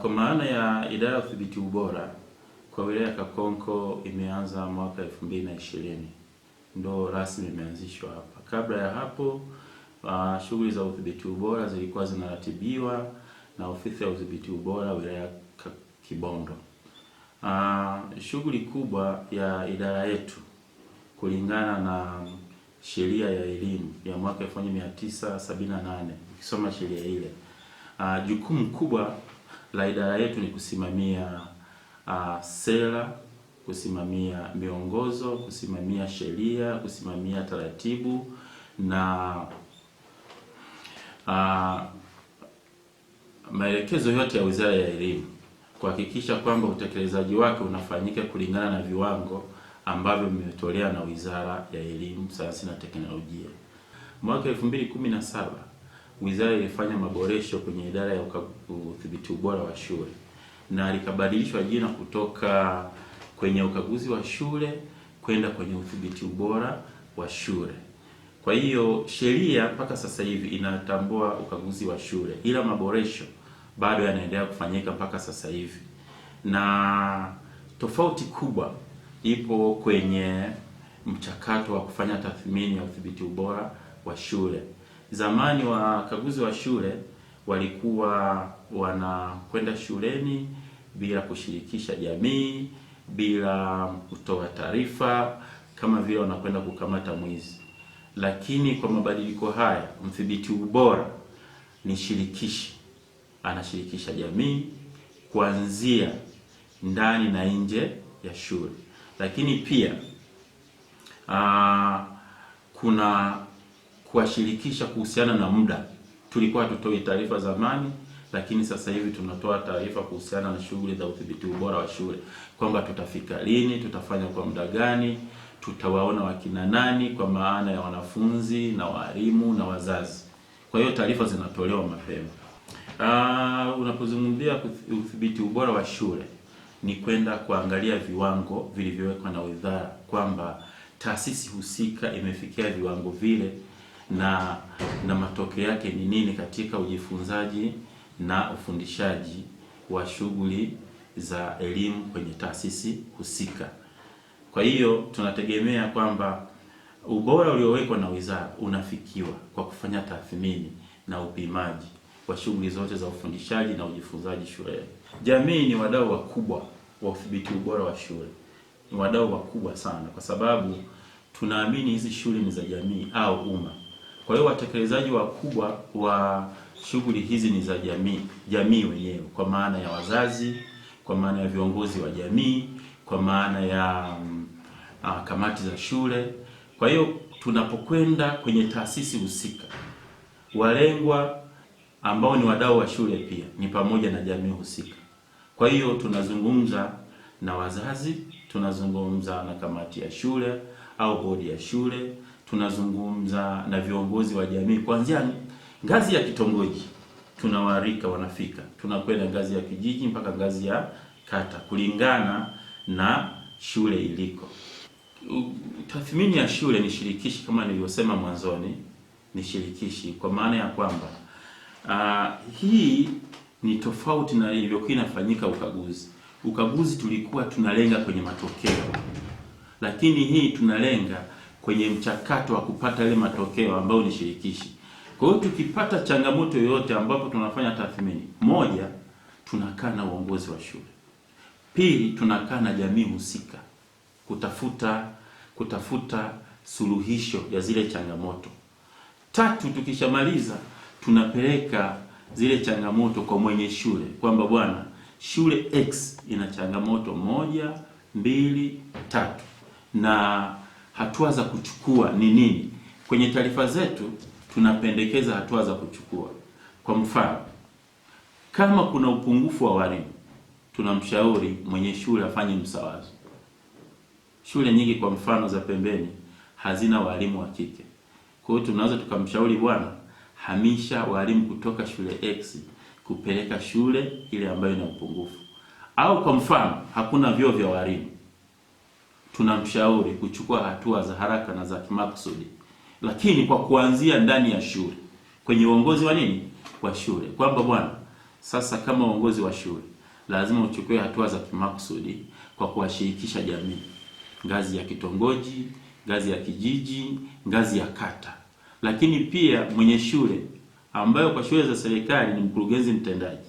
kwa maana ya idara ya udhibiti ubora kwa wilaya ya Kakonko imeanza mwaka 2020 ndo rasmi imeanzishwa hapa. Kabla ya hapo, uh, shughuli za udhibiti ubora zilikuwa zinaratibiwa na ofisi ya udhibiti ubora wilaya ya Kibondo. Uh, shughuli kubwa ya idara yetu kulingana na sheria ya elimu ya mwaka 1978 ukisoma sheria ile, uh, jukumu kubwa la idara yetu ni kusimamia uh, sera, kusimamia miongozo, kusimamia sheria, kusimamia taratibu na uh, maelekezo yote ya Wizara ya Elimu kuhakikisha kwamba utekelezaji wake unafanyika kulingana na viwango ambavyo vimetolewa na Wizara ya Elimu, Sayansi na Teknolojia. Mwaka 2017 wizara ilifanya maboresho kwenye idara ya udhibiti ubora wa shule na likabadilishwa jina kutoka kwenye ukaguzi wa shule kwenda kwenye udhibiti ubora wa shule. Kwa hiyo sheria mpaka sasa hivi inatambua ukaguzi wa shule, ila maboresho bado yanaendelea kufanyika mpaka sasa hivi, na tofauti kubwa ipo kwenye mchakato wa kufanya tathmini ya udhibiti ubora wa shule. Zamani wakaguzi wa shule walikuwa wanakwenda shuleni bila kushirikisha jamii, bila kutoa taarifa, kama vile wanakwenda kukamata mwizi. Lakini kwa mabadiliko haya, mthibiti ubora ni shirikishi, anashirikisha jamii kuanzia ndani na nje ya shule, lakini pia aa, kuna kuwashirikisha kuhusiana na muda. Tulikuwa tutoi taarifa zamani, lakini sasa hivi tunatoa taarifa kuhusiana na shughuli za udhibiti ubora wa shule, kwamba tutafika lini, tutafanya kwa muda gani, tutawaona wakina nani, kwa maana ya wanafunzi na walimu na wazazi. Kwa hiyo taarifa zinatolewa mapema. Uh, unapozungumzia udhibiti ubora wa shule ni kwenda kuangalia viwango vilivyowekwa na wizara kwamba taasisi husika imefikia viwango vile na na matokeo yake ni nini katika ujifunzaji na ufundishaji wa shughuli za elimu kwenye taasisi husika. Kwa hiyo tunategemea kwamba ubora uliowekwa na wizara unafikiwa kwa kufanya tathmini na upimaji wa shughuli zote za ufundishaji na ujifunzaji shuleni. Jamii ni wadau wakubwa wa udhibiti ubora wa shule, ni wadau wakubwa sana, kwa sababu tunaamini hizi shule ni za jamii au umma. Kwa hiyo watekelezaji wakubwa wa shughuli hizi ni za jamii, jamii wenyewe kwa maana ya wazazi, kwa maana ya viongozi wa jamii, kwa maana ya um, uh, kamati za shule. Kwa hiyo tunapokwenda kwenye taasisi husika, walengwa ambao ni wadau wa shule pia ni pamoja na jamii husika. Kwa hiyo tunazungumza na wazazi, tunazungumza na kamati ya shule au bodi ya shule tunazungumza na viongozi wa jamii kuanzia ngazi ya kitongoji, tunawaalika wanafika, tunakwenda ngazi ya kijiji mpaka ngazi ya kata kulingana na shule iliko. Tathmini ya shule ni shirikishi, kama nilivyosema mwanzoni, ni shirikishi kwa maana ya kwamba uh, hii ni tofauti na ilivyokuwa inafanyika ukaguzi. Ukaguzi tulikuwa tunalenga kwenye matokeo, lakini hii tunalenga kwenye mchakato wa kupata yale matokeo ambayo ni shirikishi. Kwa hiyo tukipata changamoto yoyote ambapo tunafanya tathmini, moja, tunakaa na uongozi wa shule, pili, tunakaa na jamii husika kutafuta kutafuta suluhisho ya zile changamoto, tatu, tukishamaliza tunapeleka zile changamoto kwa mwenye shule kwamba bwana, shule X ina changamoto moja, mbili, tatu na hatua za kuchukua ni nini? Kwenye taarifa zetu tunapendekeza hatua za kuchukua. Kwa mfano, kama kuna upungufu wa walimu, tunamshauri mwenye shule afanye msawazo. Shule nyingi kwa mfano za pembeni hazina walimu wa kike, kwa hiyo tunaweza tukamshauri, bwana, hamisha walimu kutoka shule X kupeleka shule ile ambayo ina upungufu. Au kwa mfano hakuna vyoo vya walimu tunamshauri kuchukua hatua za haraka na za kimakusudi, lakini kwa kuanzia ndani ya shule, kwenye uongozi wa nini wa shule, kwamba bwana, sasa kama uongozi wa shule lazima uchukue hatua za kimakusudi kwa kuwashirikisha jamii, ngazi ya kitongoji, ngazi ya kijiji, ngazi ya kata, lakini pia mwenye shule ambayo kwa shule za serikali ni mkurugenzi mtendaji,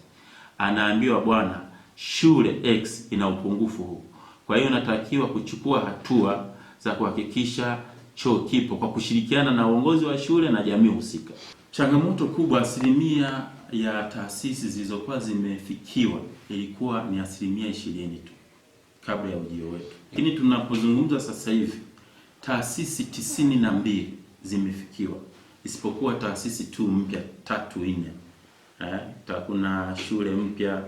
anaambiwa bwana, shule X ina upungufu huu kwa hiyo natakiwa kuchukua hatua za kuhakikisha choo kipo kwa kushirikiana na uongozi wa shule na jamii husika. Changamoto kubwa, asilimia ya taasisi zilizokuwa zimefikiwa ilikuwa ni asilimia ishirini tu kabla ya ujio wetu, lakini tunapozungumza sasa hivi taasisi tisini na mbili zimefikiwa isipokuwa taasisi tu mpya tatu nne. Eh, kuna shule mpya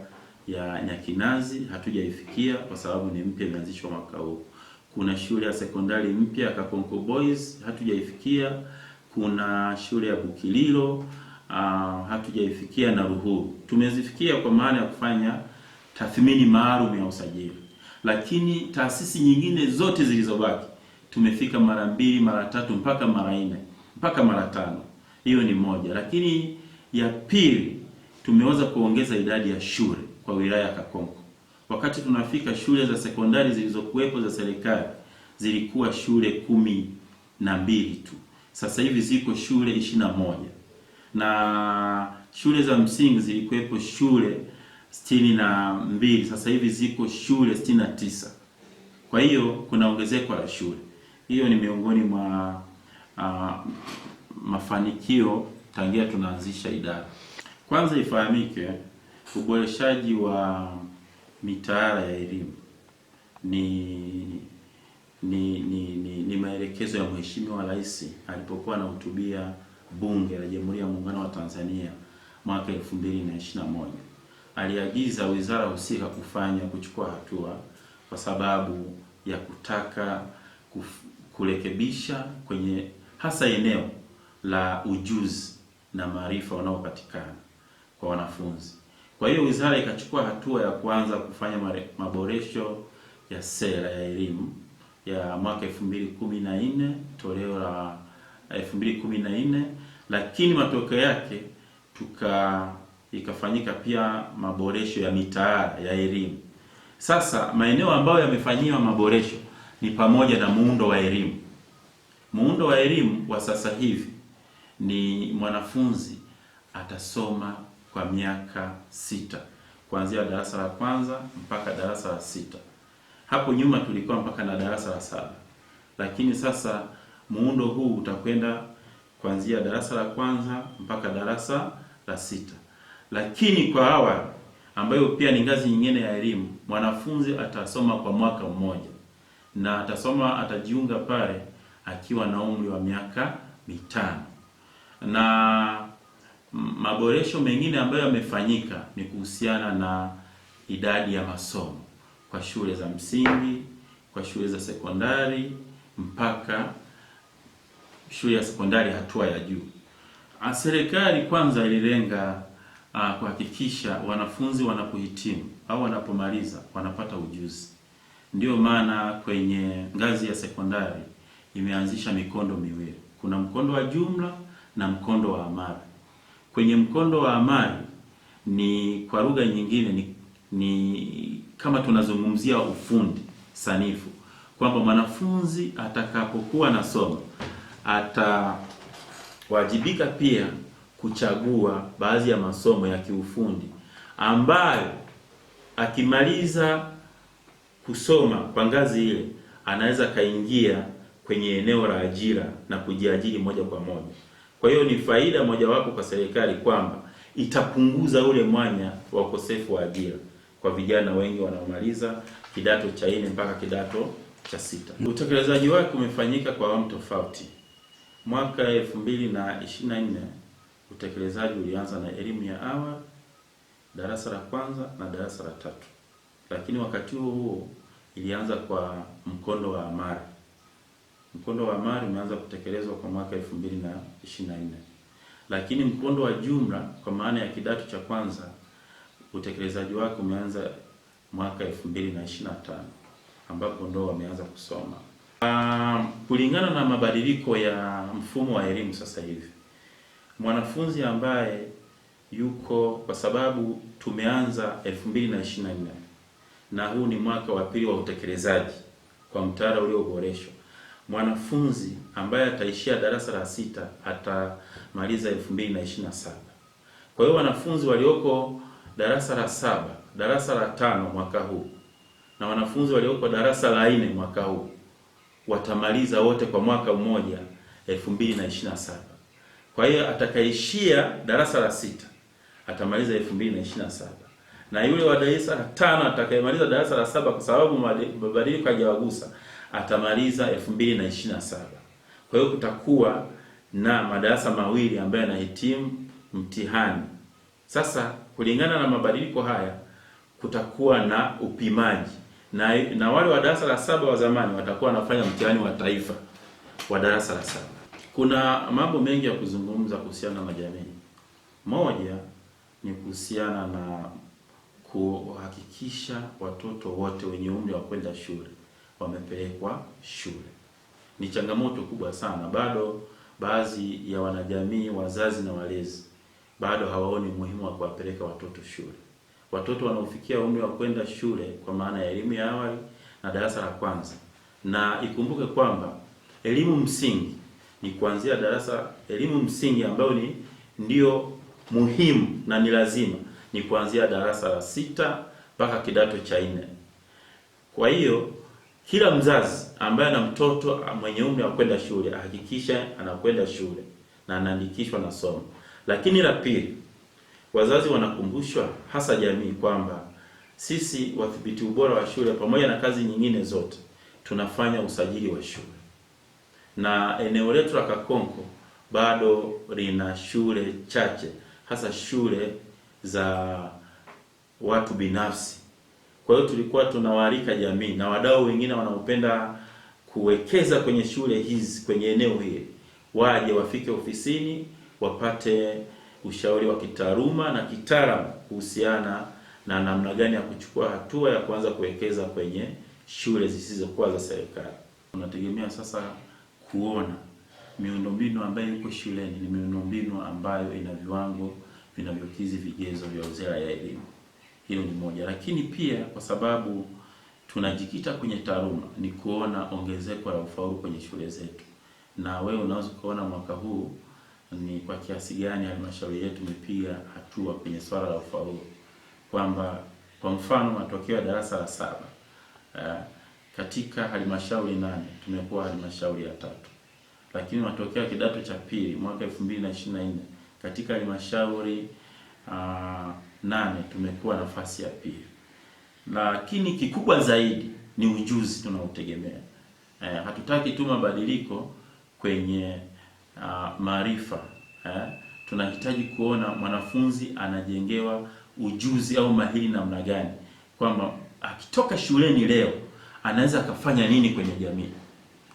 ya Nyakinazi hatujaifikia kwa sababu ni mpya, imeanzishwa mwaka huu. Kuna shule ya sekondari mpya ya Kakonko Boys hatujaifikia. Kuna shule ya Bukililo uh, hatujaifikia na Ruhuru. Tumezifikia kwa maana ya kufanya tathmini maalum ya usajili, lakini taasisi nyingine zote zilizobaki tumefika mara mbili mara tatu mpaka mara nne mpaka mara tano. Hiyo ni moja, lakini ya pili tumeweza kuongeza idadi ya shule kwa wilaya ya Kakonko. Wakati tunafika shule za sekondari zilizokuwepo za serikali zilikuwa shule kumi na mbili tu, sasa hivi ziko shule ishirini na moja na shule za msingi zilikuwepo shule sitini na mbili sasa hivi ziko shule sitini na tisa Kwa hiyo kuna ongezeko la shule. Hiyo ni miongoni mwa uh, mafanikio tangia tunaanzisha idara. Kwanza ifahamike Uboreshaji wa mitaala ya elimu ni ni, ni, ni, ni maelekezo ya Mheshimiwa Rais alipokuwa anahutubia Bunge la Jamhuri ya Muungano wa Tanzania mwaka 2021. Aliagiza wizara husika kufanya kuchukua hatua kwa sababu ya kutaka kuf, kurekebisha kwenye hasa eneo la ujuzi na maarifa wanaopatikana kwa wanafunzi. Kwa hiyo wizara ikachukua hatua ya kuanza kufanya maboresho ya sera ya elimu ya mwaka 2014 toleo la 2014, lakini matokeo yake tuka ikafanyika pia maboresho ya mitaala ya elimu. Sasa maeneo ambayo yamefanyiwa maboresho ni pamoja na muundo wa elimu. Muundo wa elimu wa sasa hivi ni mwanafunzi atasoma kwa miaka sita kuanzia darasa la kwanza mpaka darasa la sita. Hapo nyuma tulikuwa mpaka na darasa la saba, lakini sasa muundo huu utakwenda kuanzia darasa la kwanza mpaka darasa la sita. Lakini kwa awali ambayo pia ni ngazi nyingine ya elimu, mwanafunzi atasoma kwa mwaka mmoja na atasoma atajiunga pale akiwa na umri wa miaka mitano na Maboresho mengine ambayo yamefanyika ni kuhusiana na idadi ya masomo kwa shule za msingi, kwa shule za sekondari mpaka shule ya sekondari hatua ya juu. Serikali kwanza ililenga uh, kuhakikisha wanafunzi wanapohitimu au wanapomaliza wanapata ujuzi. Ndiyo maana kwenye ngazi ya sekondari imeanzisha mikondo miwili, kuna mkondo wa jumla na mkondo wa amali kwenye mkondo wa amani ni kwa lugha nyingine ni, ni kama tunazungumzia ufundi sanifu kwamba mwanafunzi atakapokuwa na somo atawajibika pia kuchagua baadhi ya masomo ya kiufundi ambayo akimaliza kusoma kwa ngazi ile anaweza kaingia kwenye eneo la ajira na kujiajiri moja kwa moja. Kwa hiyo ni faida mojawapo kwa serikali kwamba itapunguza ule mwanya wa ukosefu wa ajira kwa vijana wengi wanaomaliza kidato cha nne mpaka kidato cha sita. Utekelezaji wake umefanyika kwa awamu tofauti. Mwaka 2024 utekelezaji ulianza na elimu ya awali darasa la kwanza na darasa la tatu, lakini wakati huo huo ilianza kwa mkondo wa amari Mkondo wa amali umeanza kutekelezwa kwa mwaka 2024. Lakini mkondo wa jumla kwa maana ya kidato cha kwanza utekelezaji wake umeanza mwaka 2025 ambapo ndo wameanza kusoma. Uh, kulingana na mabadiliko ya mfumo wa elimu sasa hivi mwanafunzi ambaye yuko kwa sababu tumeanza 2024 na huu ni mwaka wa pili wa utekelezaji kwa mtaala ulioboreshwa mwanafunzi ambaye ataishia darasa la sita atamaliza 2027. Kwa hiyo wanafunzi walioko darasa la saba, darasa la tano mwaka huu na wanafunzi walioko darasa la nne mwaka huu watamaliza wote kwa mwaka mmoja 2027. Kwa hiyo atakaishia darasa la sita atamaliza 2027 na yule wa darasa la tano atakayemaliza darasa la saba, kwa sababu mabadiliko hajawagusa atamaliza 2027. Kwa hiyo kutakuwa na madarasa mawili ambayo yanahitimu mtihani. Sasa kulingana na mabadiliko haya kutakuwa na upimaji na, na wale wa darasa la saba wa zamani watakuwa wanafanya mtihani wa taifa wa darasa la saba. Kuna mambo mengi ya kuzungumza kuhusiana na majamii. Moja ni kuhusiana na kuhakikisha watoto wote wenye umri wa kwenda shule wamepelekwa shule. Ni changamoto kubwa sana. Bado baadhi ya wanajamii, wazazi na walezi bado hawaoni umuhimu wa kuwapeleka watoto shule. Watoto wanaofikia umri wa kwenda shule kwa maana ya elimu ya awali na darasa la kwanza, na ikumbuke kwamba elimu msingi ni kuanzia darasa, elimu msingi ambayo ni ndio muhimu na ni lazima ni kuanzia darasa la sita mpaka kidato cha nne. Kwa hiyo kila mzazi ambaye ana mtoto mwenye umri wa kwenda shule ahakikisha anakwenda shule na anaandikishwa na somo. Lakini la pili, wazazi wanakumbushwa, hasa jamii, kwamba sisi wadhibiti ubora wa shule pamoja na kazi nyingine zote tunafanya usajili wa shule, na eneo letu la Kakonko bado lina shule chache, hasa shule za watu binafsi kwa hiyo tulikuwa tunawaalika jamii na wadau wengine wanaopenda kuwekeza kwenye shule hizi kwenye eneo hili waje wafike ofisini wapate ushauri wa kitaaluma na kitaalamu kuhusiana na namna gani ya kuchukua hatua ya kuanza kuwekeza kwenye shule zisizokuwa za serikali. Tunategemea sasa kuona miundombinu ambayo iko shuleni ni miundombinu ambayo ina viwango vinavyokidhi vigezo vya Wizara ya Elimu. Hilo ni moja, lakini pia kwa sababu tunajikita kwenye taaluma ni kuona ongezeko la ufaulu kwenye shule zetu, na wewe unaweza kuona mwaka huu ni kwa kiasi gani halmashauri yetu imepiga hatua kwenye swala la ufaulu, kwamba kwa mfano matokeo ya darasa la saba uh, katika halmashauri nane tumekuwa halmashauri ya tatu, lakini matokeo ya kidato cha pili mwaka 2024 katika halmashauri uh, nane tumekuwa nafasi ya pili, lakini kikubwa zaidi ni ujuzi tunaotegemea. Eh, hatutaki tu mabadiliko kwenye uh, maarifa eh, tunahitaji kuona mwanafunzi anajengewa ujuzi au mahiri namna gani, kwamba akitoka shuleni leo anaweza akafanya nini kwenye jamii,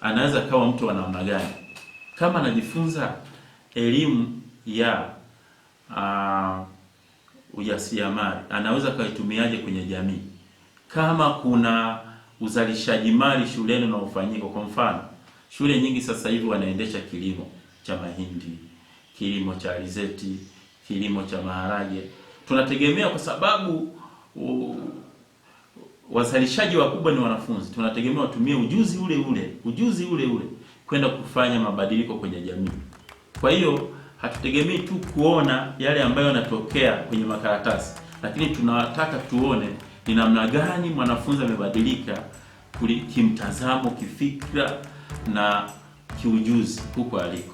anaweza akawa mtu wa namna gani kama anajifunza elimu ya uh, ujasiriamali anaweza kaitumiaje kwenye jamii? Kama kuna uzalishaji mali shuleni unaofanyika, kwa mfano shule nyingi sasa hivi wanaendesha kilimo cha mahindi, kilimo cha alizeti, kilimo cha maharage. Tunategemea kwa sababu wazalishaji wakubwa ni wanafunzi, tunategemea watumie ujuzi ule ule ujuzi ule ule kwenda kufanya mabadiliko kwenye jamii. Kwa hiyo hatutegemei tu kuona yale ambayo yanatokea kwenye makaratasi, lakini tunataka tuone ni namna gani mwanafunzi amebadilika kimtazamo, kifikra na kiujuzi huko aliko.